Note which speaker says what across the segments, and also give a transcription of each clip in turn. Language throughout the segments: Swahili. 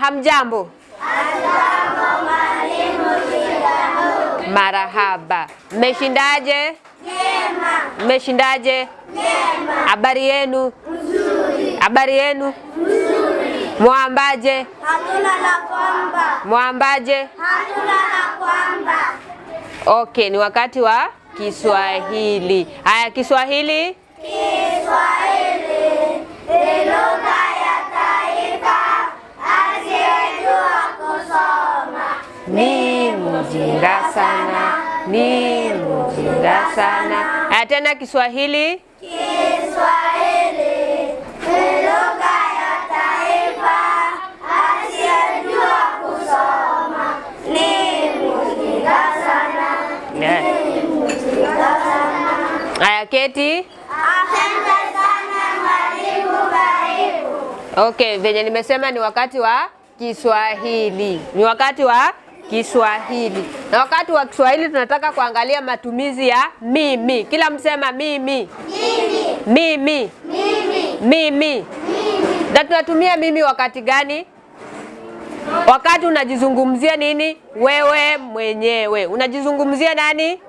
Speaker 1: Hamjambo.
Speaker 2: Hamjambo mwalimu Shiraho.
Speaker 1: Marahaba. Mmeshindaje?
Speaker 2: Njema.
Speaker 1: Mmeshindaje? Njema. Habari yenu?
Speaker 2: Nzuri.
Speaker 1: Habari yenu?
Speaker 2: Nzuri.
Speaker 1: Mwambaje?
Speaker 2: Hatuna la kwamba.
Speaker 1: Mwambaje?
Speaker 2: Hatuna la kwamba.
Speaker 1: Okay, ni wakati wa Kiswahili. Haya, Kiswahili?
Speaker 2: Kiswahili. Kiswahili. ni mjinga sana.
Speaker 1: Haya tena Kiswahili.
Speaker 2: Kiswahili ni lugha ya taifa, asiyejua kusoma ni mjinga sana. Ni eh. mjinga sana.
Speaker 1: Haya keti.
Speaker 2: Asante sana mwalimu Baibu.
Speaker 1: Okay, venye nimesema ni wakati wa Kiswahili, ni wakati wa Kiswahili. Na wakati wa Kiswahili tunataka kuangalia matumizi ya mimi. Kila msema mimi.
Speaker 2: Mimi.
Speaker 1: Mimi.
Speaker 2: Mimi.
Speaker 1: Mimi. Na tunatumia mimi wakati gani? Wakati unajizungumzia nini? Wewe mwenyewe. Unajizungumzia nani? Wewe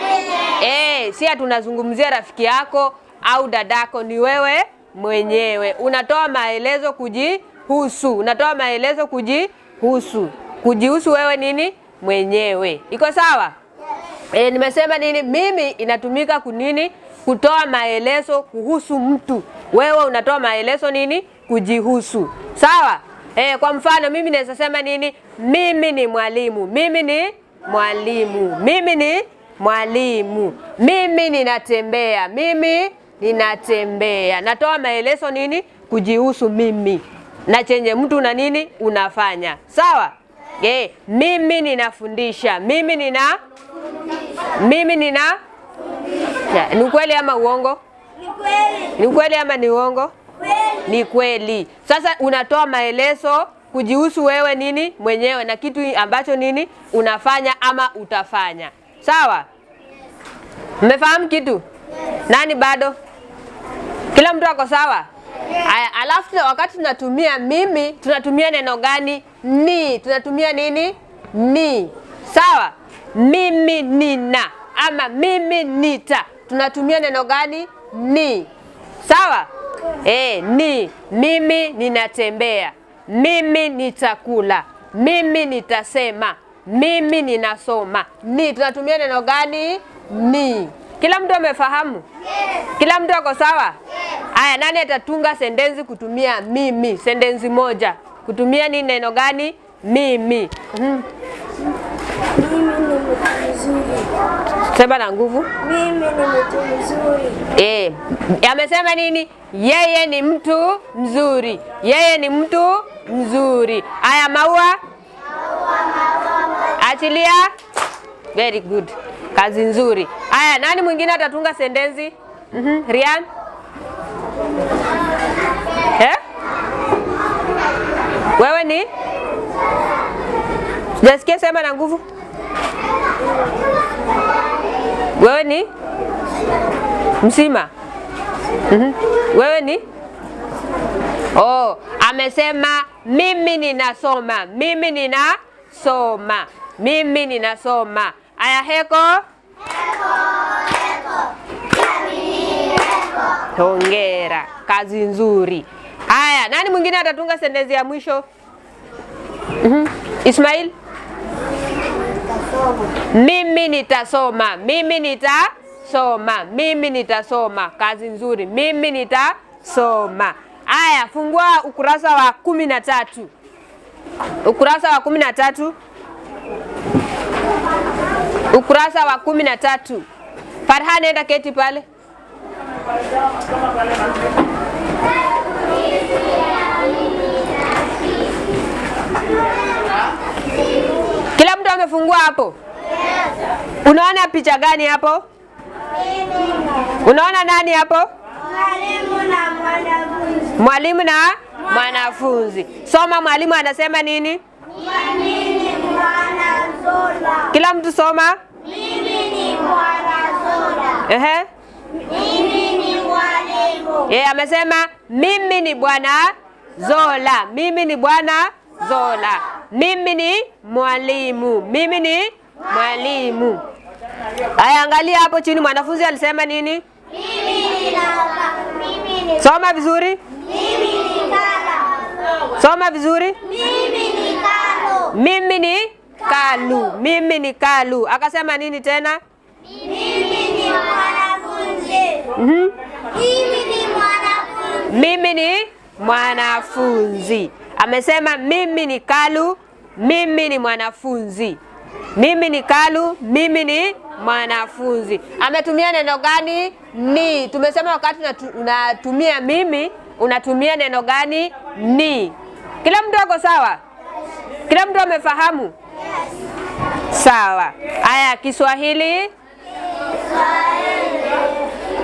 Speaker 2: mwenyewe.
Speaker 1: Eh, si tunazungumzia rafiki yako au dadako, ni wewe mwenyewe. Unatoa maelezo kujihusu. Unatoa maelezo kujihusu kujihusu wewe nini mwenyewe. Iko sawa? E, nimesema nini? Mimi inatumika kunini? Kutoa maelezo kuhusu mtu. Wewe unatoa maelezo nini? Kujihusu. Sawa? E, kwa mfano mimi naweza sema nini? Mimi ni mwalimu. Mimi ni mwalimu. Mimi ni mwalimu. Mimi ninatembea. Mimi ninatembea. Natoa maelezo nini? Kujihusu mimi na chenye mtu na nini unafanya. Sawa? Je, mimi ninafundisha? Mimi nina mimi nina ni kweli ama uongo? Ni kweli ama ni uongo? Ni kweli. Sasa unatoa maelezo kujihusu wewe nini mwenyewe na kitu ambacho nini unafanya ama utafanya. Sawa? Mmefahamu kitu? Nani bado? Kila mtu ako sawa? Aya, alafu wakati tunatumia mimi tunatumia neno gani? Mi tunatumia nini? Mi. Sawa, mimi nina ama mimi nita tunatumia neno gani? Ni. Sawa e, ni. Mimi ninatembea, mimi nitakula, mimi nitasema, mimi ninasoma. Ni tunatumia neno gani? Ni. Kila mtu amefahamu? Yes. Kila mtu ako sawa? Yes. Aya, nani atatunga sentensi kutumia mimi? Sentensi moja kutumia ni neno gani? Mimi. Mimi
Speaker 2: ni mtu mzuri.
Speaker 1: Sema na nguvu.
Speaker 2: Mimi ni mtu mzuri.
Speaker 1: Eh, amesema nini? Yeye ni mtu mzuri. Yeye ni mtu mzuri. Aya, maua. Maua, maua, maua. Achilia. Very good. Kazi nzuri. Aya, nani mwingine atatunga sentensi? Mhm. Mm, Rian eh? Wewe ni sijasikia, sema na nguvu. Wewe ni msima. mm-hmm. Wewe ni oh, amesema mimi ninasoma, mimi ninasoma, mimi ninasoma. Aya, heko,
Speaker 2: heko.
Speaker 1: Hongera, kazi nzuri. Haya, nani mwingine atatunga sentensi ya mwisho? mm -hmm. Ismail, mimi nitasoma, mimi nitasoma, mimi nitasoma. Kazi nzuri, mimi nitasoma. Haya, fungua ukurasa wa kumi na tatu, ukurasa wa kumi na tatu, ukurasa wa kumi na tatu. Farhan, enda keti pale. Kila mtu amefungua hapo. Unaona picha gani hapo? Unaona nani hapo?
Speaker 2: Mwalimu na mwanafunzi.
Speaker 1: Mwalimu na mwanafunzi. Soma, mwalimu anasema nini? Kila mtu soma.
Speaker 2: Mimi ni Mwanazola.
Speaker 1: Ehe. Yeye amesema mimi ni Bwana Zola, mimi ni Bwana Zola, mimi ni mwalimu, mimi ni mwalimu. Aya, angalia hapo chini, mwanafunzi alisema nini? Soma vizuri, soma vizuri. Mimi ni Kalu, mimi ni Kalu. Akasema nini tena?
Speaker 2: Mimi ni mwanafunzi
Speaker 1: mimi ni mwanafunzi. Amesema mimi ni Kalu, mimi ni mwanafunzi. Mimi ni Kalu, mimi ni mwanafunzi. Ametumia neno gani? Ni. Tumesema wakati unatumia mimi unatumia neno gani? Ni. Kila mtu ako sawa? Kila mtu amefahamu? Sawa. Aya, Kiswahili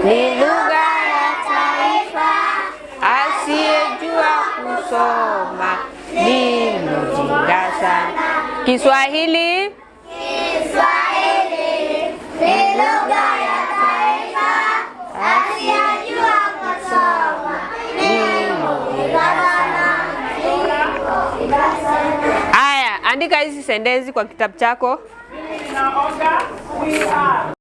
Speaker 2: ni lugha Ninajua kusoma, ni jinga sana.
Speaker 1: Kiswahili
Speaker 2: Kiswahili ni lugha ya taifa, asiyejua kusoma ni jinga sana.
Speaker 1: Aya, andika hizi sentensi kwa kitabu chako.